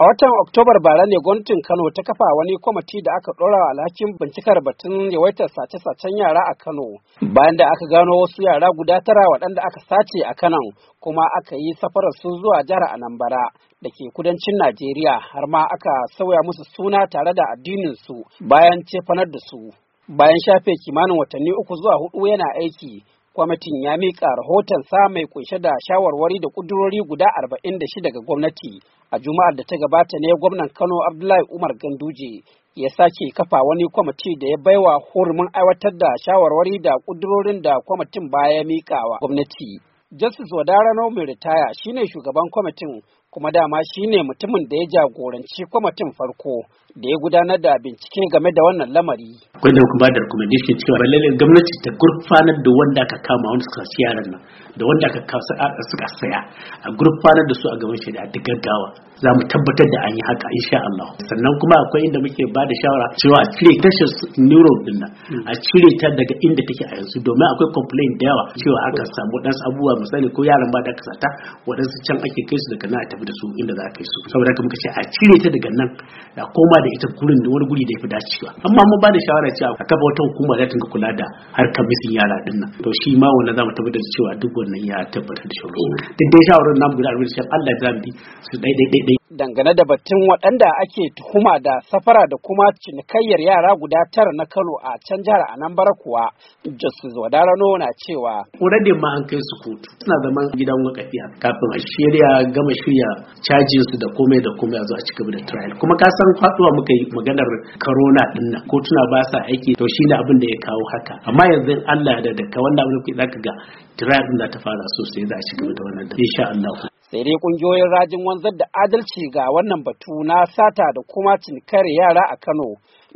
A watan Oktobar bara ne gwamnatin Kano ta kafa wani kwamiti da aka ɗora alhakin bincikar batun yawaitar sace-sacen yara a Kano, bayan da aka gano wasu yara guda tara waɗanda aka sace a Kano, kuma aka yi safarar su zuwa jihar Anambra da ke kudancin Najeriya har ma aka sauya musu suna tare da addinin su bayan cefanar da su. Bayan shafe kimanin watanni uku zuwa hudu yana aiki, kwamitin ya mika rahoton sa mai kunshe da shawarwari da ƙudurori guda 46 daga gwamnati a juma'ar da ta gabata ne gwamnan kano abdullahi umar ganduje ya sake kafa wani kwamiti da ya baiwa hurumin aiwatar da shawarwari da ƙudurorin da kwamitin baya miƙa wa gwamnati justice wadarano mai ritaya shine shugaban kwamitin kuma dama shi ne mutumin da ya jagoranci kwamitin farko da ya gudanar da bincike game da wannan lamari. Akwai da kuma da recommendation cewa lallai gwamnati ta gurfanar da wanda aka kama wanda suka siya yaran nan da wanda aka suka saya a gurfanar da su a gaban shari'a da gaggawa. za mu tabbatar da an yi haka insha Allah sannan kuma akwai inda muke ba da shawara cewa a cire tashar neuro din nan hmm. a cire ta daga inda take a yanzu domin akwai complaint da yawa cewa aka samu dan abubuwa misali ko yaran ba da aka ta waɗansu can ake kai su daga nan a tafi da su inda za a kai su saboda haka muka ce a cire ta daga nan da koma da ita gurin da wani guri da ya fi dacewa amma mun ba da shawara cewa a kafa wata hukuma za ta kula da harkar misin yara din nan to shi ma wannan za mu tabbatar da cewa duk wannan ya tabbatar da shi hmm. duk dai shawarar namu guda shi Allah ya zamu bi su dai dai Dangane da batun waɗanda ake tuhuma da safara da kuma cinikayyar yara guda tara na Kano a can jihar Anambra kuwa, Justice Wadarano na cewa. Already ma an kai su kotu suna zaman gidan wakafiya kafin a shirya gama shirya cajin su da komai da komai a zo a cikin da trial. Kuma ka san faɗuwa muka yi maganar corona ɗin nan kotuna ba sa aiki to ne abin da ya kawo haka. Amma yanzu Allah da daga wanda abin da kuke ga trial ɗin za ta fara sosai za a ci da wannan insha Allah. sai dai kungiyoyin rajin wanzar da adalci ga wannan batu na sata da kuma cinikare yara a kano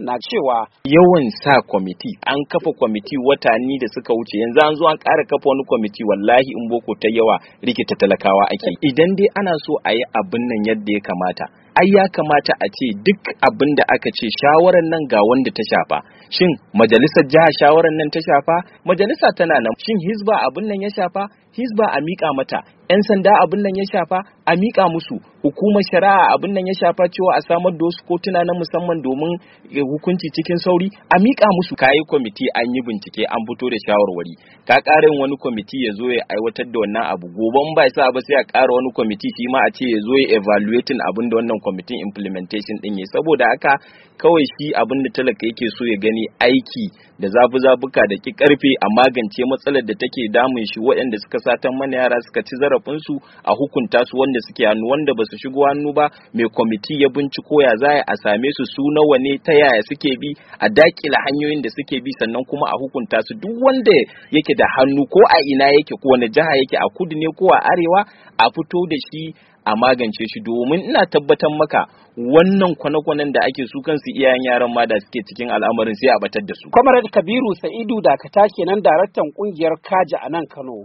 na cewa yawan sa kwamiti an kafa kwamiti watanni da suka wuce yanzu an zo an ƙara kafa wani kwamiti wallahi in boko ta yawa rikita talakawa ake idan dai ana so a yi abin nan yadda ya kamata ai ya kamata a ce duk abin da aka ce shawarar nan ga wanda ta shafa shin majalisar jiha shawarar nan ta shafa majalisa tana nan shin hizba abin nan ya shafa Hisba a miƙa mata 'yan sanda abin nan ya shafa a miƙa musu hukumar shari'a abin nan ya shafa cewa a samar da wasu kotuna na musamman domin eh, hukunci cikin sauri a miƙa musu kayi kwamiti an yi bincike an fito da shawarwari ka ƙara wani kwamiti ya zo ya aiwatar da wannan abu goban ba sa ba sai a ƙara wani kwamiti shi ma a ce ya zo ya evaluating abin da wannan kwamitin implementation din yayi saboda haka kawai shi abin da talaka yake so ya gani aiki da zafi zabuka da ki karfe a magance matsalar da take damun shi waɗanda suka satan mana yara suka ci zara su a hukunta su wanda suke hannu wanda ba su shigo hannu ba mai kwamiti ya binciko ya za a same su su nawa ne ta yaya suke bi a dakila hanyoyin da suke bi sannan kuma a hukunta su duk wanda yake da hannu ko a ina yake ko wani jiha yake a kudu ne ko a arewa a fito da shi a magance shi domin ina tabbatar maka wannan kwane-kwanen da ake su kansu iyayen yaran ma da suke cikin al'amarin sai a batar da su. Kwamarar Kabiru Sa'idu Dakata kenan daraktan kungiyar kaji a nan Kano.